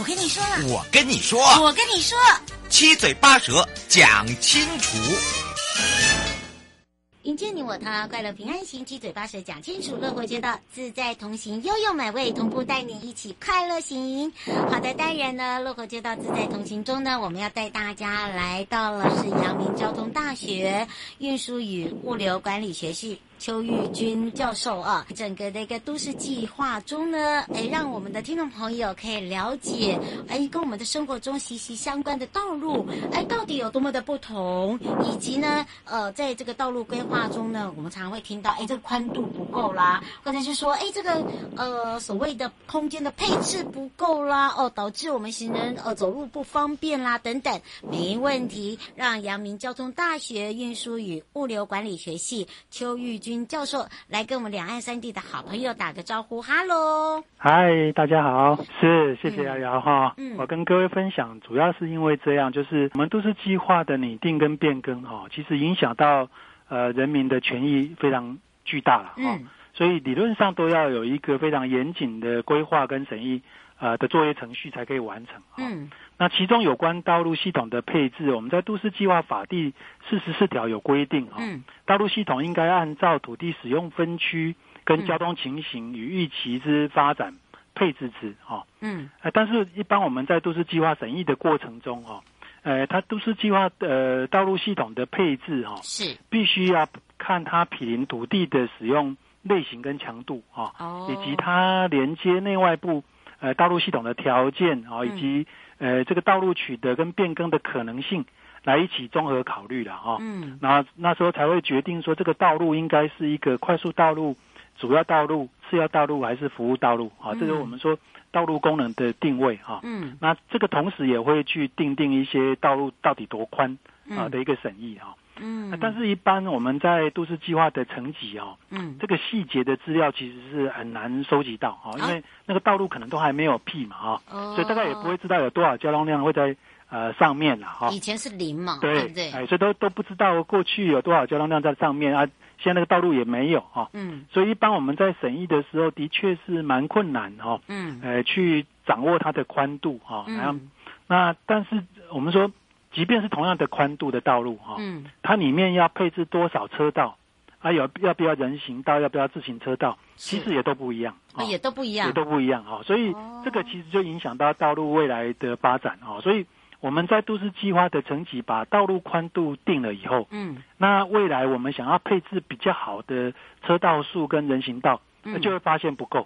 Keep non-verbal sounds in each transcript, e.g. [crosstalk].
我跟你說了，我跟你說，我跟你說，七嘴八舌講清楚。營建你我他，快樂平安行，七嘴八舌講清楚，樂活街道自在同行，悠悠美味同步帶你一起快樂行。好的，當然呢，樂活街道自在同行中呢，我們要帶大家來到了是陽明交通大學運輸與物流管理學系。邱鈺鈞教授啊，整個的一個都市計劃中呢，哎，讓我們的聽眾朋友可以了解，哎，跟我們的生活中息息相關的道路，哎，到底有多麼的不同，以及呢，呃，在這個道路規劃中呢，我們常會聽到，哎，這個寬度不夠啦，或者是說，哎，這個呃，所謂的空間的配置不夠啦，哦，導致我們行人呃走路不方便啦，等等，沒問題，讓陽明交通大學運輸與物流管理學系邱鈺鈞。林教授來跟我們兩岸三地的好朋友打個招呼，哈嘍，嗨，大家好，是，謝謝姚姚哈，嗯、哦，我跟各位分享，主要是因為這樣，就是我們都市計劃的擬定跟變更哈、哦，其實影響到呃人民的權益非常巨大了哈、哦嗯，所以理論上都要有一個非常嚴謹的規劃跟審議呃的作業程序才可以完成，哦、嗯。那其中有關道路系統的配置，我們在都市計劃法第四十四條有規定啊、嗯。道路系統應該按照土地使用分區跟交通情形與預期之發展配置之啊。嗯、哦。但是一般我們在都市計劃審議的過程中啊，呃，它都市計劃呃道路系統的配置是必須要看它毗鄰土地的使用類型跟強度啊，以及它連接內外部。呃，道路系統的條件啊、哦，以及呃，這個道路取得跟變更的可能性，來一起綜合考慮了哈、哦。嗯，那那時候才會決定說，這個道路應該是一個快速道路，主要道路、次要道路還是服務道路啊？嗯、這個我們說道路功能的定位啊。嗯。那這個同時也會去訂定一些道路到底多寬啊的一個審議啊。嗯。啊、但是，一般我們在都市計劃的層級啊嗯，這個細節的資料其實是很難收集到啊，因為那個道路可能都還沒有闢嘛啊，啊，所以大概也不會知道有多少交通量會在呃上面了哈、啊。以前是零嘛？對、啊、對？哎，所以都都不知道過去有多少交通量在上面啊。現在那個道路也沒有哈，嗯，所以一般我們在審議的時候，的確是蠻困難哈，嗯，呃，去掌握它的寬度哈、嗯，嗯，那但是我們說，即便是同樣的寬度的道路哈，嗯，它裡面要配置多少車道，還有、啊、要不要人行道，要不要自行車道，其實也都不一樣，哦、也都不一樣，哦、也都不一樣哈，所以這個其實就影響到道路未來的發展哈，所以。我們在都市計劃的層級把道路寬度定了以後，嗯，那未來我們想要配置比較好的車道數跟人行道，那、嗯、就會發現不夠，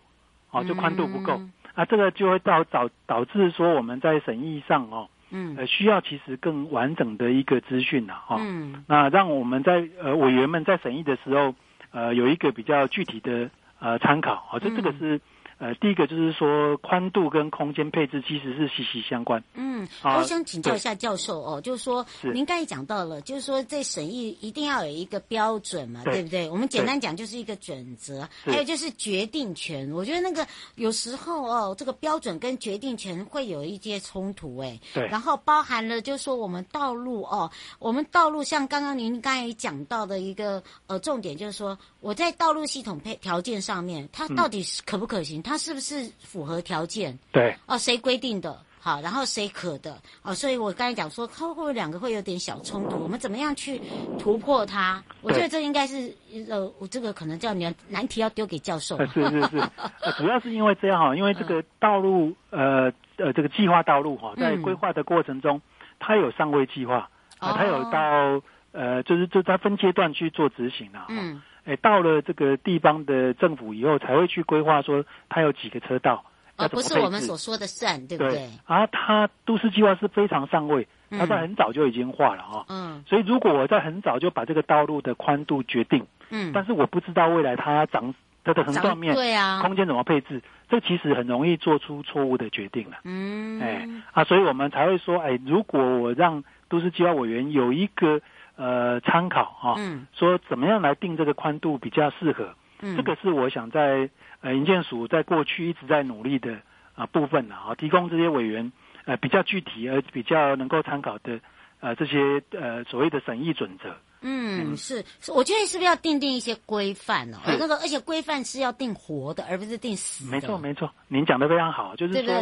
啊、哦、就寬度不夠，啊、嗯，那這個就會導導導致說我們在審議上哦，嗯，呃，需要其實更完整的一個資訊吶，哈、哦，嗯，那讓我們在呃委員們在審議的時候，呃，有一個比較具體的呃參考，啊、哦，這這個是。呃，第一個就是說寬度跟空間配置其實是息息相關。嗯，好，啊。我想請教一下教授哦，就是說您剛才講到了，就是說這審議一定要有一個標準嘛，對不對，對？我們簡單講就是一個準則，還有就是決定權。我覺得那個有時候哦，這個標準跟決定權會有一些衝突，哎。對。然後包含了就是說我們道路哦，我們道路像剛剛您剛才講到的一個呃重點，就是說我在道路系統配條件上面，它到底是可不可行？嗯他是不是符合條件？對哦，誰規定的？好，然後誰可的？哦，所以我剛才講說，他會不會兩個會有點小衝突，我們怎麼樣去突破它？我覺得這應該是呃，我這個可能叫你難題，要丟給教授。呃、是是是、呃，主要是因為這樣哈，因為這個道路呃呃，呃，這個計劃道路哈，在規劃的過程中，嗯、它有上位計劃啊、呃，它有到、哦、呃，就是這在分階段去做執行的嗯哎，到了這個地方的政府以後，才會去規劃說它有幾個車道要怎麼配置？哦，要不是我們所說的善，對不對？對啊，它都市計劃是非常上位，它、嗯、在很早就已經畫了啊、哦。嗯。所以，如果我在很早就把這個道路的寬度決定，嗯，但是我不知道未來它長它的橫斷面、對啊，空間怎麼配置，這其實很容易做出錯誤的決定了、啊。嗯。哎，啊，所以我們才會說，哎，如果我讓都市計劃委員有一個。呃，參考啊、哦嗯，說怎麼樣來定這個寬度比較適合？嗯，這個是我想在呃營建署在過去一直在努力的啊、呃、部分呢啊、呃，提供這些委員呃比較具體而比較能夠參考的呃這些呃所謂的審議準則。嗯，嗯是，是，我覺得是不是要訂定一些規範哦？那、嗯、個，而且規範是要定活的，而不是定死的。沒錯，沒錯，您講的非常好，就是說，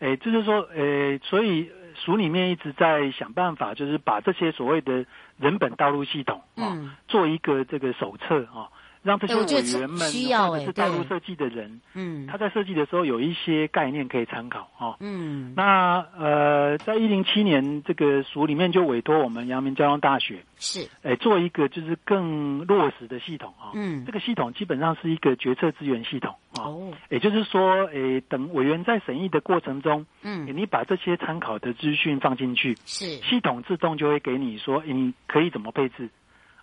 哎，就是說，哎，所以。署裡面一直在想辦法，就是把這些所謂的人本道路系統啊、哦嗯，做一個這個手冊啊、哦。讓這些委員們，或者是道路設計的人，嗯，他在設計的時候有一些概念可以參考，哈，嗯，那呃，在一零七年這個署裡面就委託我們陽明交通大學是，哎，做一個就是更落實的系統啊，嗯，這個系統基本上是一個決策資源系統啊，也就是說，哎，等委員在審議的過程中，嗯，你把這些參考的資訊放進去，系統自動就會給你說，你可以怎麼配置。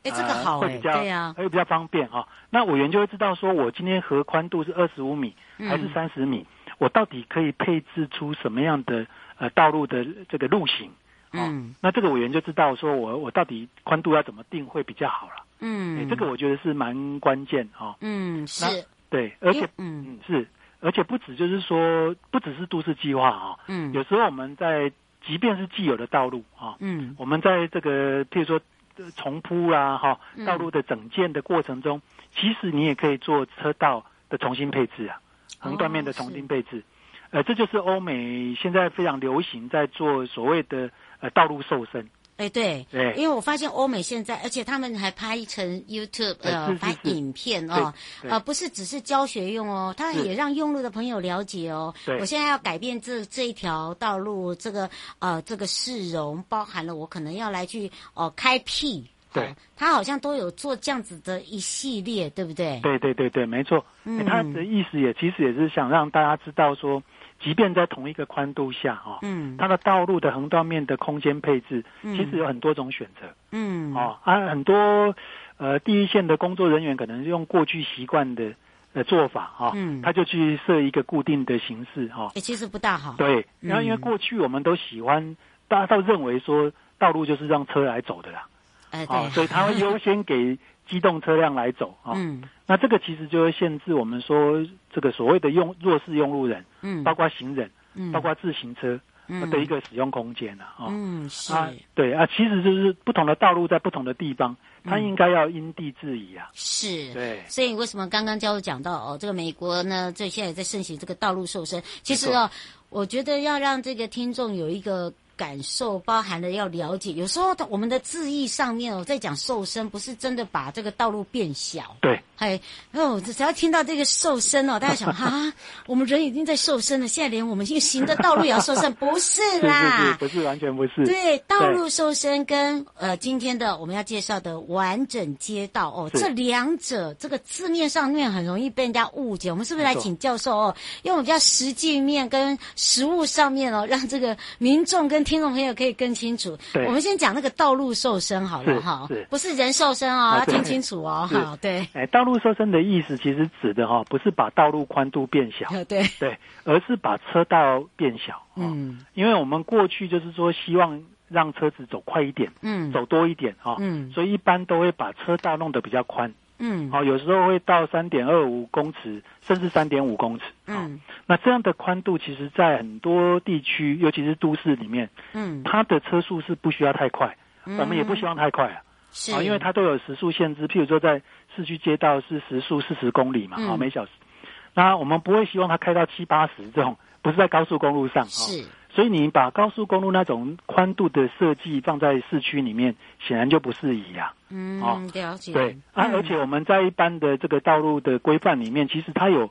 哎、呃欸，這個好哎、欸，對呀、啊，又、欸、比較方便啊、哦。那委員就會知道，說我今天和寬度是二十五米、嗯、還是三十米，我到底可以配置出什麼樣的呃道路的這個路型啊、哦嗯？那這個委員就知道，說我我到底寬度要怎麼定會比較好了。嗯、欸，這個我覺得是蠻關鍵哈、哦。嗯，是。對，而且嗯，嗯是，而且不止就是說，不只是都市計劃啊嗯，有時候我們在即便是既有的道路啊、哦，嗯，我們在這個譬如說。重鋪啊，哈，道路的整建的過程中、嗯，其實你也可以做車道的重新配置啊，橫斷面的重新配置，哦、呃，這就是歐美現在非常流行在做所謂的呃道路瘦身。哎，對，因為我發現歐美現在，而且他們還拍成 YouTube 呃是是是，拍影片哦，呃，不是只是教學用哦，他也讓用路的朋友了解哦。對，我現在要改變這這一條道路，這個呃，這個市容，包含了我可能要來去哦、呃，開闢。呃、對，他好像都有做這樣子的一系列，對不對？對對對對，沒錯。嗯，他的意思也其實也是想讓大家知道說。即便在同一個寬度下，哈、嗯，它的道路的橫斷面的空間配置，嗯、其實有很多種選擇，嗯，哦，啊，很多，呃，第一線的工作人員可能用過去習慣的呃做法，哈、哦嗯，他就去設一個固定的形式，哈、哦欸，其實不大，對，然、嗯、後因為過去我們都喜歡，大家都認為說道路就是讓車來走的啦，啊、呃哦，所以他會優先給。 [laughs] 機動車輛來走啊、哦嗯，那這個其實就會限制我們說這個所謂的用弱勢用路人，嗯，包括行人，嗯，包括自行車，嗯，的一個使用空間了、哦，嗯是啊，對啊，其實就是不同的道路在不同的地方，嗯、它應該要因地制宜啊，是，對，所以為什麼剛剛教授講到哦，這個美國呢，這現在也在盛行這個道路瘦身，其實哦，我覺得要讓這個聽眾有一個。感受包含了要了解，有時候我們的字義上面哦，在講瘦身，不是真的把這個道路變小。對，嘿、哎，哦，只要聽到這個瘦身哦，大家想哈、 [laughs] 啊，我們人已經在瘦身了，現在連我們行行的道路也要瘦身， [laughs] 不是啦，是是是，不是完全不是。對，道路瘦身跟對呃，今天的我們要介紹的完整街道哦，這兩者這個字面上面很容易被人家誤解。我們是不是來請教授哦，因為用比較實際面跟實物上面哦，讓這個民眾跟。聽眾朋友可以更清楚，對，我們先講那個道路瘦身好了哈，不是人瘦身哦，啊、要聽清楚哦哈，對，好對。哎，道路瘦身的意思其實指的哈，不是把道路寬度變小，對對，而是把車道變小。嗯， [laughs] 因為我們過去就是說希望讓車子走快一點，嗯，走多一點啊，嗯、哦，所以一般都會把車道弄得比較寬。嗯，好、哦，有時候會到三點二五公尺，甚至三點五公尺。哦。嗯，那這樣的寬度，其實在很多地區，尤其是都市裡面，嗯，它的車速是不需要太快，我、嗯、們也不希望太快啊、嗯哦。因為它都有時速限制，譬如說在市區街道是時速四十公里嘛、哦嗯，每小時。那我們不會希望它開到七八十這種，不是在高速公路上。是。所以你把高速公路那種寬度的設計放在市區裡面，顯然就不適宜呀。嗯、哦，了解。對、嗯、啊，而且我們在一般的這個道路的規範裡面，其實它有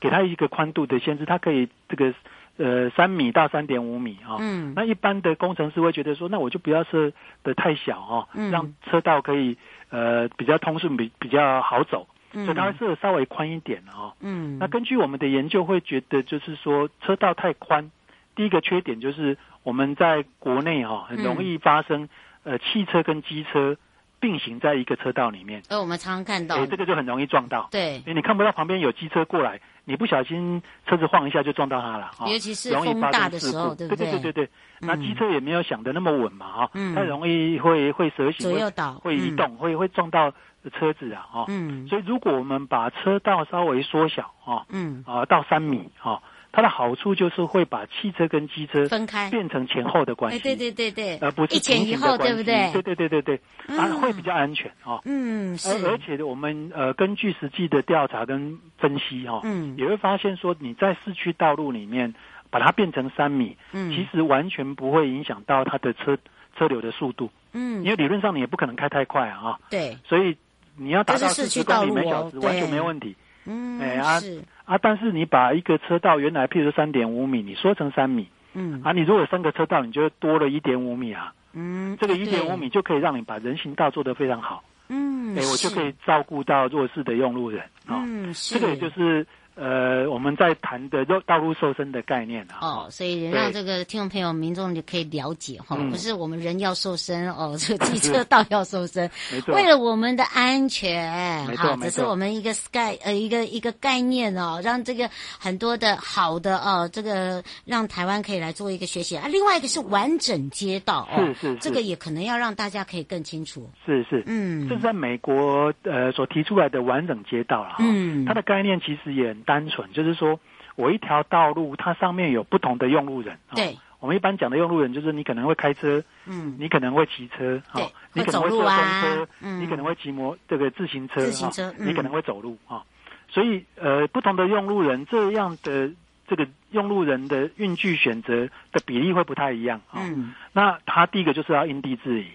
給它一個寬度的限制，它可以這個呃三米到三點五米啊、哦。嗯。那一般的工程師會覺得說，那我就不要設的太小哦，讓車道可以呃比較通順、比比較好走。嗯。所以他會設的稍微寬一點哦。嗯。那根據我們的研究，會覺得就是說車道太寬。第一個缺點，就是我們在國內哈很容易發生，嗯、呃，汽車跟機車並行在一個車道裡面。呃，我們常常看到，哎、欸，這個就很容易撞到。對，因為、欸、你看不到旁邊有機車過來，你不小心車子晃一下就撞到它了。尤其是風大的時候，時候，對不對？對，對對對對對，那機車也沒有想的那麼穩嘛，哈、嗯，它容易會會蛇行、左右倒、會移動、嗯、會會撞到車子啊，哈。嗯。所以，如果我們把車道稍微縮小哈，嗯啊，到三米，哈、啊。它的好處就是會把汽車跟機車分開，變成前後的關係、欸。對對對對，而不是一前一後，對不對？對對對對對，啊、嗯，會比較安全哦。嗯，是。而且我們呃，根據實際的調查跟分析哈、哦，嗯，也會發現說，你在市區道路裡面把它變成三米，嗯，其實完全不會影響到它的車車流的速度，嗯，因為理論上你也不可能開太快啊。嗯哦、對，所以你要達到四十公里每小時、哦、完全沒問題。嗯，哎啊。是啊！但是你把一個車道原來譬如，三點五米，你縮成三米，嗯，啊，你如果三個車道，你就多了一點五米啊。嗯，這個一點五米就可以讓你把人行道做得非常好。嗯，哎，我就可以照顧到弱勢的用路人啊，哦。嗯，這個也就是。呃，我們在談的就道路瘦身的概念啊，哦，所以讓這個聽眾朋友、民眾就可以了解哈，不是我們人要瘦身、嗯、哦，是機車道要瘦身，沒錯，為了我們的安全，沒錯，好，只是我們一個概呃一個一個概念哦、啊，讓這個很多的好的哦、啊，這個讓台灣可以來做一個學習啊，另外一個是完整街道哦、啊，這個也可能要讓大家可以更清楚，是是，是，嗯，這是在美國呃所提出來的完整街道了、啊、哈、嗯，它的概念其實也單純就是說，我一條道路，它上面有不同的用路人。對，哦、我們一般講的用路人，就是你可能會開車，嗯，你可能會騎車，哦、會啊、你可能會坐公車，嗯，你可能會騎摩這個自行車，行車哦、你可能會走路啊、嗯哦。所以，呃，不同的用路人這樣的這個用路人的運具選擇的比例會不太一樣啊、哦嗯。那它第一個就是要因地制宜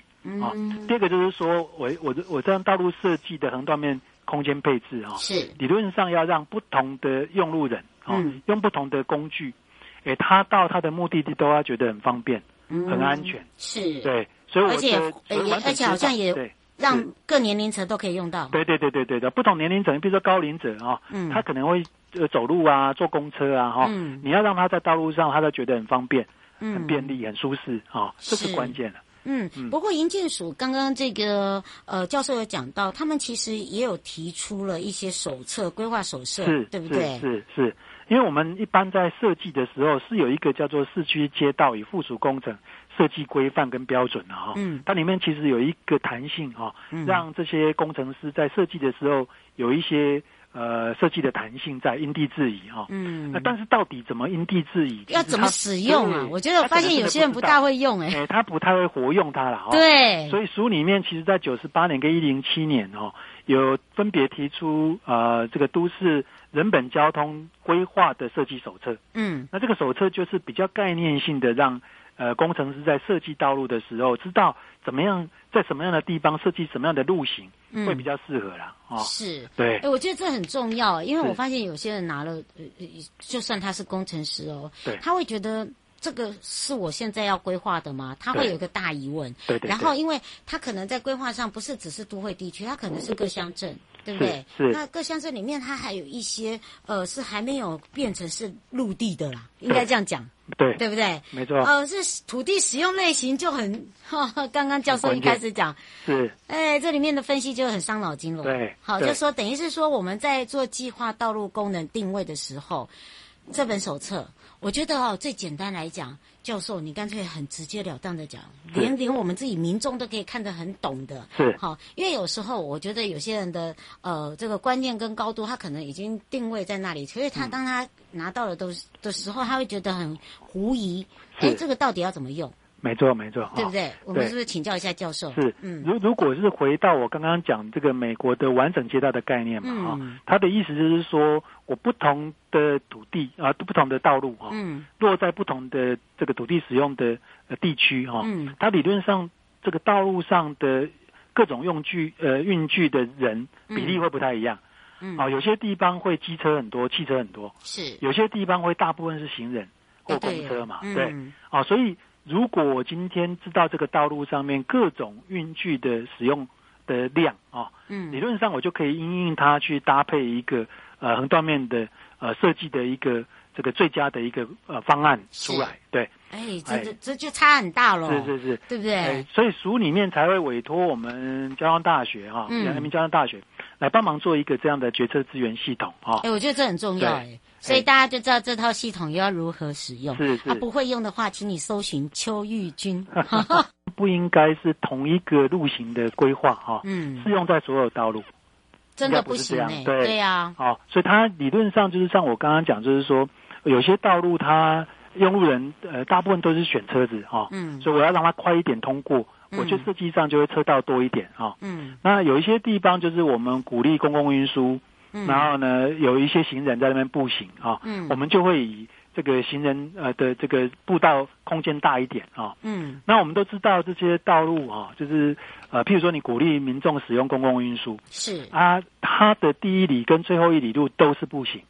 啊，第二個就是說我我我這樣道路設計的橫斷面。空間配置啊、哦，是理論上要讓不同的用路人啊、哦嗯，用不同的工具，哎，他到他的目的地都要覺得很方便、嗯、很安全，是，對，所以我而且也而且好像也讓各年齡層都可以用到，對對對對對的，不同年齡層，比如說高齡者啊、哦，嗯，他可能會呃走路啊，坐公車啊、哦，哈、嗯，你要讓他在道路上，他都覺得很方便、嗯、很便利、很舒適啊、哦，這是關鍵的。嗯，不過營建署剛剛這個呃教授有講到，他們其實也有提出了一些手冊、規劃手冊，對不對？是是，是，因為我們一般在設計的時候是有一個叫做《市區街道與附屬工程設計規範》跟標準的哈、哦，嗯，它裡面其實有一個彈性哈、哦，讓這些工程師在設計的時候有一些。呃，設計的彈性在因地制宜哈，嗯，那但是到底怎麼因地制宜？要怎麼使用啊？我覺得我發現有些人不大會用哎，哎，他不太會活用它了哈。對，所以書裡面其實，在九十八年跟一零七年哦，有分別提出，呃，這個都市人本交通規劃的設計手冊。嗯，那這個手冊就是比較概念性的讓。呃，工程師在設計道路的時候，知道怎麼樣在什麼樣的地方設計什麼樣的路型，嗯、會比較適合啦，哦，是對。哎、欸，我覺得這很重要，因為我發現有些人拿了，呃，就算他是工程師哦，對，他會覺得這個是我現在要規劃的嘛，他會有一個大疑問。對對，對，對。然後，因為他可能在規劃上不是只是都會地區，他可能是各鄉鎮，嗯，對不對？是。是那各鄉鎮裡面，他還有一些呃，是還沒有變成是陸地的啦，應該這樣講。對對，不對？沒錯。哦、呃，是土地使用類型就很哈哈，剛剛教授一開始講是，哎，這裡面的分析就很傷腦筋了。對，好，就說等於是說我們在做計劃道路功能定位的時候，這本手冊，我覺得哦，最簡單來講，教授，你乾脆很直截了當的講，連連我們自己民眾都可以看得很懂的。是，好、哦，因為有時候我覺得有些人的呃，這個觀念跟高度，他可能已經定位在那裡，所以他當他拿到了都、嗯、的時候，他會覺得很狐疑，哎，這個到底要怎麼用？沒錯，沒錯，對不對、哦？我們是不是請教一下教授？是，如、嗯、如果是回到我剛剛講這個美國的完整街道的概念嘛，啊、嗯，他的意思就是說我不同的土地啊，不同的道路哈、啊嗯，落在不同的這個土地使用的地區哈、啊嗯，它理論上這個道路上的各種用具呃運具的人比例會不太一樣、嗯，啊，有些地方會機車很多，汽車很多，是有些地方會大部分是行人或公車嘛、啊對啊嗯，對，啊，所以。如果我今天知道這個道路上面各種運具的使用的量啊，嗯，理論上我就可以因應用它去搭配一個呃橫斷面的呃設計的一個這個最佳的一個呃方案出來，對，哎、欸，這這、欸、這就差很大嘍，是是是，對不對？欸、所以署裡面才會委託我們交通大學哈，陽明交通大學來幫忙做一個這樣的決策資源系統啊，哎、欸，我覺得這很重要所以大家就知道這套系統又要如何使用。是是、啊，不會用的話，請你搜尋邱鈺鈞。 [laughs] [laughs] 不應該是同一個路型的規劃哈，嗯，適用在所有道路，真的不，不行，欸、對對呀、啊。哦，所以它理論上就是像我剛剛講，就是說有些道路它用路人呃，大部分都是選車子哈，哦。嗯，所以我要讓它快一點通過，嗯，我覺得設計上就會車道多一點哈，哦。嗯，那有一些地方就是我們鼓勵公共運輸。嗯、然後呢，有一些行人在那邊步行啊，哦嗯，我們就會以這個行人呃的這個步道空間大一點啊，哦。嗯，那我們都知道這些道路啊，哦，就是呃，譬如說你鼓勵民眾使用公共運輸是啊，他的第一里跟最後一里路都是步行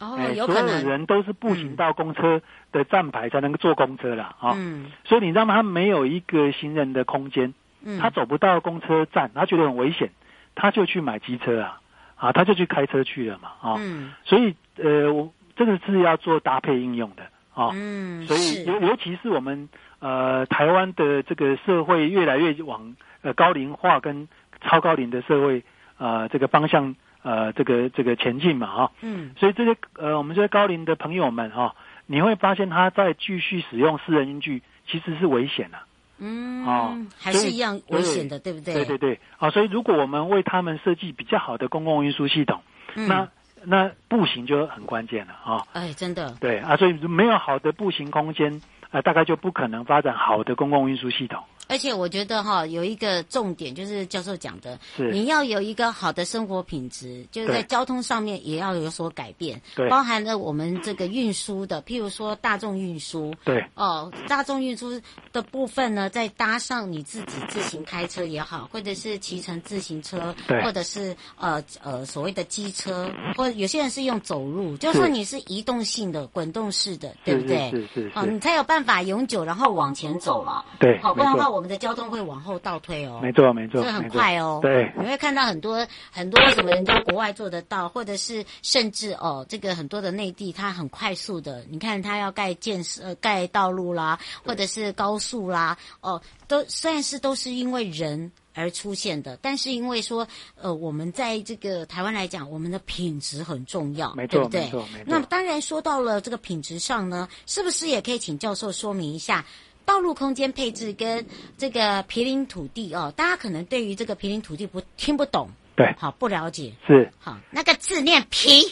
哦，欸、所有的人都是步行到公車的站牌才能夠坐公車啦，啊、嗯。嗯、哦，所以你讓他沒有一個行人的空間，嗯，他走不到公車站，他覺得很危險，他就去買機車啊。啊，他就去開車去了嘛，啊、哦嗯，所以呃，我這個是要做搭配應用的啊、哦，嗯，所以尤尤其是我們呃台灣的這個社會越來越往呃高齡化跟超高齡的社會啊、呃、這個方向呃這個這個前進嘛，哈、哦，嗯，所以這些呃我們這些高齡的朋友們啊、哦，你會發現他在繼續使用私人運具其實是危險的，啊。嗯，哦，還是一樣危險的，對，對不對？對對對，啊、哦，所以如果我們為他們設計比較好的公共運輸系統，嗯、那那步行就很關鍵了，啊、哦，哎，真的，對啊，所以沒有好的步行空間，啊、呃，大概就不可能發展好的公共運輸系統。而且我覺得哈、哦，有一個重點就是教授講的，你要有一個好的生活品質，就是在交通上面也要有所改變，對，包含了我們這個運輸的，譬如說大眾運輸，對哦、呃，大眾運輸的部分呢，再搭上你自己自行開車也好，或者是騎乘自行車，對，或者是呃呃所謂的機車，或者有些人是用走路，就是你是移動性的、滾動式的，對不對、呃？你才有辦法永久然後往前走了、啊，對，好，不然的話我。我們的交通會往後倒退哦，沒，沒錯沒錯，這很快哦。對，你會看到很多很多什麼人在國外做得到，或者是甚至哦，這個很多的內地它很快速的，你看它要蓋建設、呃、蓋道路啦，或者是高速啦，哦，都雖然是都是因為人而出現的，但是因為說呃，我們在這個台灣來講，我們的品質很重要，沒錯對對沒錯，沒錯。那麼當然說到了這個品質上呢，是不是也可以請教授說明一下？道路空間配置跟這個毗鄰土地哦，大家可能對於這個毗鄰土地不聽不懂，對，好，不了解，是，好，那個字念毗，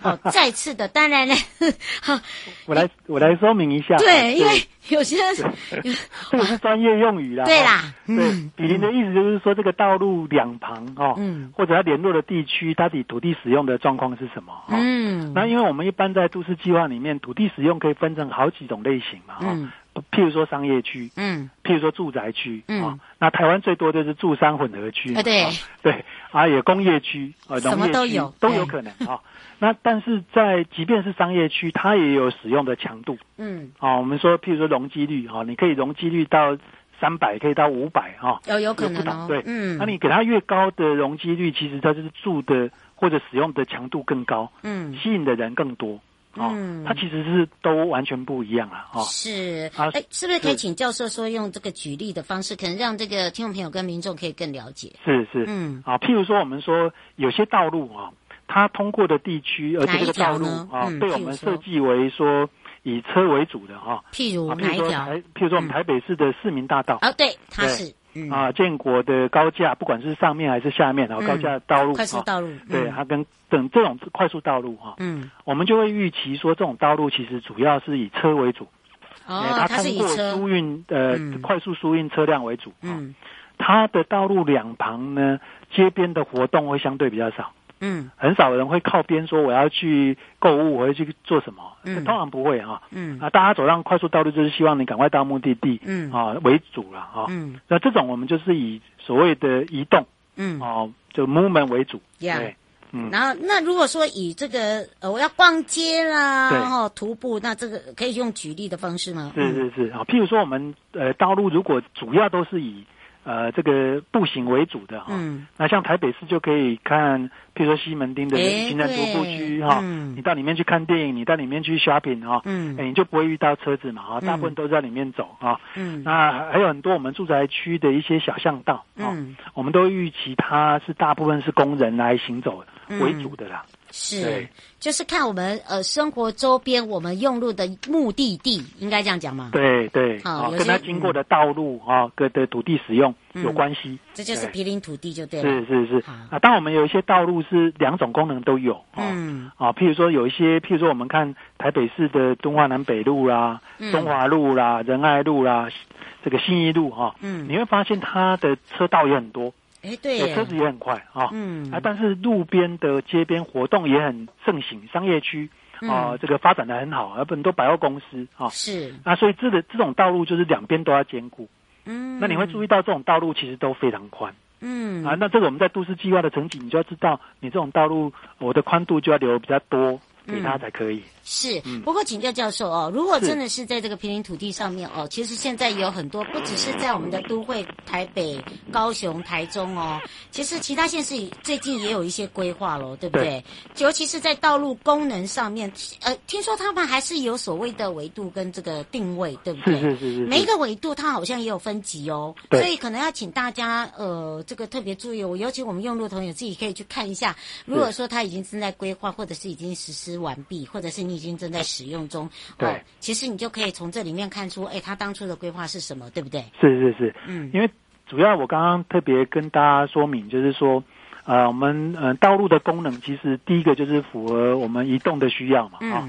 好、 [laughs] 哦、再次的，當然呢，好，我來 [laughs] 我來說明一下對，對，因為有些， [laughs] 有些這個是專業用語啦，對啦，嗯，毗鄰、嗯、的意思就是說這個道路兩旁哦、嗯，或者它聯絡的地區，它底土地使用的狀況是什麼？嗯，那因為我們一般在都市計劃裡面，土地使用可以分成好幾種類型嘛，嗯。譬如說商業區，嗯，譬如說住宅區，嗯，哦、那台灣最多就是住商混合區、欸，對、哦、對，啊也工業區，啊、哦、農業區都，都有可能啊、欸哦哦。那但是在即便是商業區，它也有使用的強度，嗯，啊、哦、我們說譬如說容積率，哈、哦，你可以容積率到三百，可以到五百，哈，有有可能、哦，對，嗯，那你給它越高的容積率，其實它就是住的或者使用的強度更高，嗯，吸引的人更多。哦、嗯，它其實是都完全不一樣了、啊，哈、哦。是，哎、啊，是不是可以請教授說用這個舉例的方式，可能讓這個聽眾朋友跟民眾可以更了解？是是，嗯，啊，譬如說我們說有些道路啊，它通過的地區，而且這個道路啊，嗯、被我們設計為說以車為主的哈、啊。譬如，啊、譬如說，哪一條？譬如說我們台北市的市民大道、嗯、啊，對，它是。嗯、啊，建國的高架，不管是上面還是下面，然後高架的道路，嗯啊，快速道路，啊嗯，對，它，啊、跟等這種快速道路哈，啊，嗯，我們就會預期說，這種道路其實主要是以車為主，哦，呃，它通過疏運呃，嗯，快速輸運車輛為主，啊，嗯，它的道路兩旁呢，街邊的活動會相對比較少。嗯，很少人會靠邊說我要去購物，我要去做什麼？嗯，啊、通常不會啊。嗯，那、啊、大家走上快速道路就是希望你趕快到目的地。嗯啊，為主了啊。嗯，那這種我們就是以所謂的移動，嗯，哦、啊，就 movement 為主。對，嗯。然後那如果說以這個我要逛街啦，然後徒步，那這個可以用舉例的方式嗎？是是是啊，譬如說我們呃，道路如果主要都是以。呃，這個步行為主的哈，嗯，那像台北市就可以看，比如說西門町的金在徒步區哈，你到裡面去看電影，你到裡面去 shopping 哈，哦嗯，你就不會遇到車子嘛，哦、大部分都在裡面走哈，哦嗯，那還有很多我們住宅區的一些小巷道，哦，嗯，我們都預期它是大部分是供人來行走的。嗯、為主的啦，是，就是看我們呃生活周邊我們用路的目的地，應該這樣講嘛？對對，好、哦，跟他經過的道路、嗯、啊，各的土地使用有關係、嗯，這就是毗鄰土地就對了。是是是，是啊，當我們有一些道路是兩種功能都有啊、嗯、啊，譬如說有一些，譬如說我們看台北市的敦化南北路啦、嗯、中華路啦、仁愛路啦，這個信義路哈、啊，嗯，你會發現它的車道也很多。哎，對，車子也很快啊、哦，嗯，啊，但是路邊的街邊活動也很盛行，商業區啊、呃嗯，這個發展的很好，有很多百貨公司啊、哦，是，啊，所以這個這種道路就是兩邊都要兼顧，嗯，那你會注意到這種道路其實都非常寬，嗯，啊，那這個我們在都市計劃的層級，你就要知道，你這種道路我的寬度就要留得比較多。其他才可以、嗯、是、嗯，不過請教教授哦，如果真的是在這個平民土地上面哦，其實現在有很多不只是在我們的都會，台北、高雄、台中哦，其實其他縣市最近也有一些規劃囉，對不對,對？尤其是在道路功能上面，呃，聽說他們還是有所謂的維度跟這個定位，對不對？是是是是，每一個維度它好像也有分級哦，所以可能要請大家呃，這個特別注意。哦，尤其我們用路朋友自己可以去看一下，如果說他已經正在規劃或者是已經實施。完畢，或者是你已經正在使用中。對、哦，其實你就可以從這裡面看出，哎，他當初的規劃是什麼，對不對？是是是，嗯，因為主要我剛剛特別跟大家說明，就是說，呃，我們嗯、呃，道路的功能，其實第一個就是符合我們移動的需要嘛，啊、嗯哦，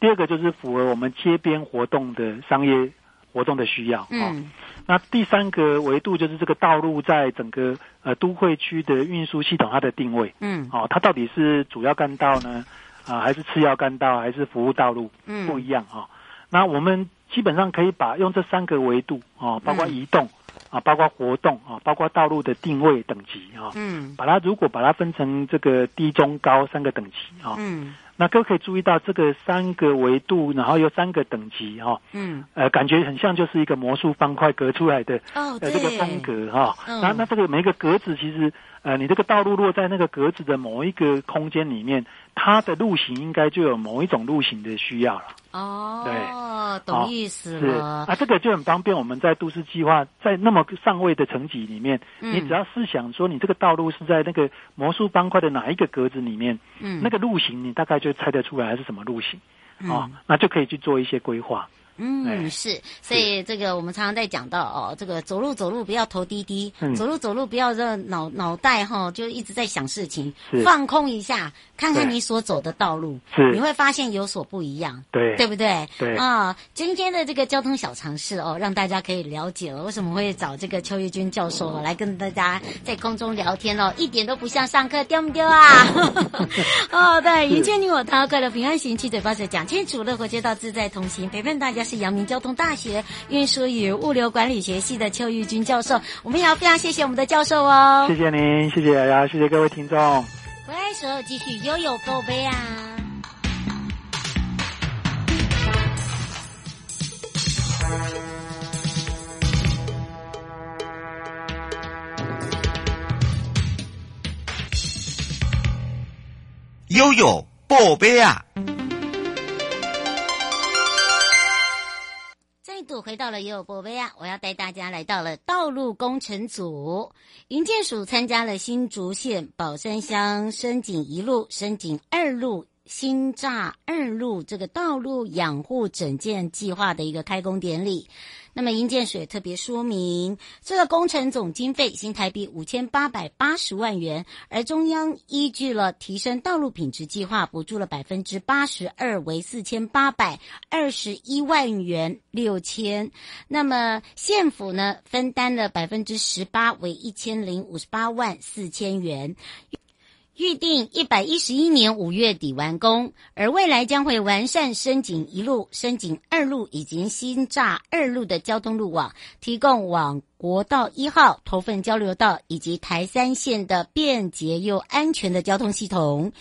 第二個就是符合我們街邊活動的商業活動的需要，嗯，哦、那第三個維度就是這個道路在整個呃都會區的運輸系統它的定位，嗯，哦，它到底是主要幹道呢？啊，還是次要幹道，還是服務道路，不一樣啊、嗯。那我們基本上可以把用這三個維度啊，包括移動啊、嗯，包括活動啊，包括道路的定位等級啊，把它如果把它分成這個低、中、高三個等級啊。嗯嗯那各位可以注意到，這個三個維度，然後有三個等級，哈、呃。嗯。呃，感覺很像就是一個魔術方塊隔出來的，哦，這個方格哈。那、哦、那這個每一個格子，其實、嗯，呃，你這個道路落在那個格子的某一個空間裡面，它的路型應該就有某一種路型的需要了。哦，對，懂意思了啊！是，那這個就很方便，我們在都市計劃在那麼上位的層級裡面，嗯、你只要試想說你這個道路是在那個魔術方塊的哪一個格子裡面，嗯，那個路型你大概就猜得出來，還是什麼路型，啊、哦嗯，那就可以去做一些規劃。嗯，是，所以這個我們常常在講到哦，這個走路走路不要頭低低，嗯、走路走路不要這腦腦袋哈、哦、就一直在想事情，放空一下，看看你所走的道路，你會發現有所不一樣，對，對不對？對啊、哦，今天的這個交通小常識哦，讓大家可以了解了，為什麼會找這個邱鈺鈞教授、哦、來跟大家在空中聊天哦，一點都不像上課，丟不丟啊？哦， [laughs] 哦對，營建你我他，快樂平安行，七嘴八舌講清楚，樂活街道自在同行，陪伴大家。是陽明交通大學運輸與物流管理學系的邱鈺鈞教授，我們也要非常謝謝我們的教授哦。謝謝您，謝謝，然後謝謝各位聽眾。回來的時候，繼續悠悠寶貝啊！悠悠寶貝啊！回到了耶魯博威亞，我要帶大家來到了道路工程組，營建署參加了新竹縣寶山鄉深井一路、深井二路。新乍二路這個道路養護整建計劃的一個開工典禮。那麼，林建水特別說明，這個工程總經費新台幣五千八百八十萬元，而中央依據了提升道路品質計劃，補助了百分之八十二，為四千八百二十一萬元六千。那麼，縣府呢，分擔了百分之十八，為一千零五十八萬四千元。預定一百一十一年五月底完工，而未來將會完善深井一路、深井二路以及新乍二路的交通路網，提供往國道一號、頭份交流道以及台三線的便捷又安全的交通系統。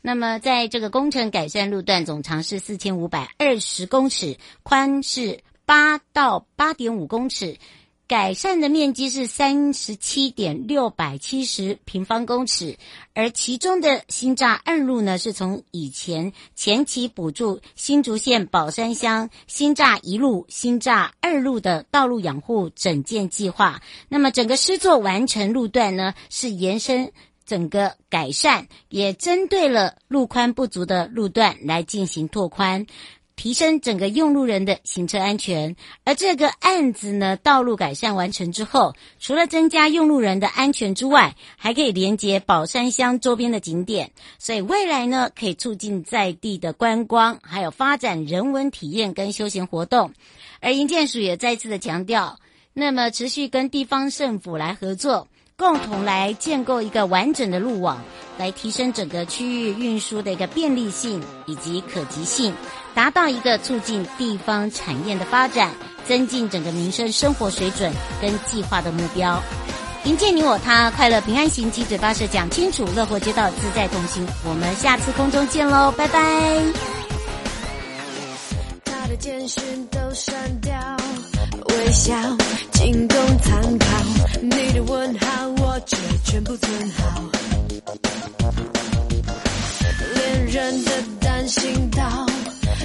那麼，在這個工程改善路段總長是四千五百二十公尺，寬是八到八點五公尺。改善的面積是三十七點六百七十平方公尺，而其中的新乍二路呢，是從以前前期補助新竹縣寶山鄉新乍一路、新乍二路的道路養護整建計劃，那麼整個施作完成路段呢，是延伸整個改善，也針對了路寬不足的路段來進行拓寬。提升整個用路人的行車安全，而這個案子呢，道路改善完成之後，除了增加用路人的安全之外，還可以連接寶山鄉周邊的景點，所以未來呢，可以促進在地的觀光，還有發展人文體驗跟休閒活動。而營建署也再次的強調，那麼持續跟地方政府來合作，共同來建構一個完整的路網，來提升整個區域運輸的一個便利性以及可及性。達到一個促進地方產業的發展，增進整個民生生活水準跟計劃的目標。營建你我他，快樂平安行，七嘴八舌講清楚，樂活街道自在同行。我們下次空中見嘍，拜拜。戀人的擔心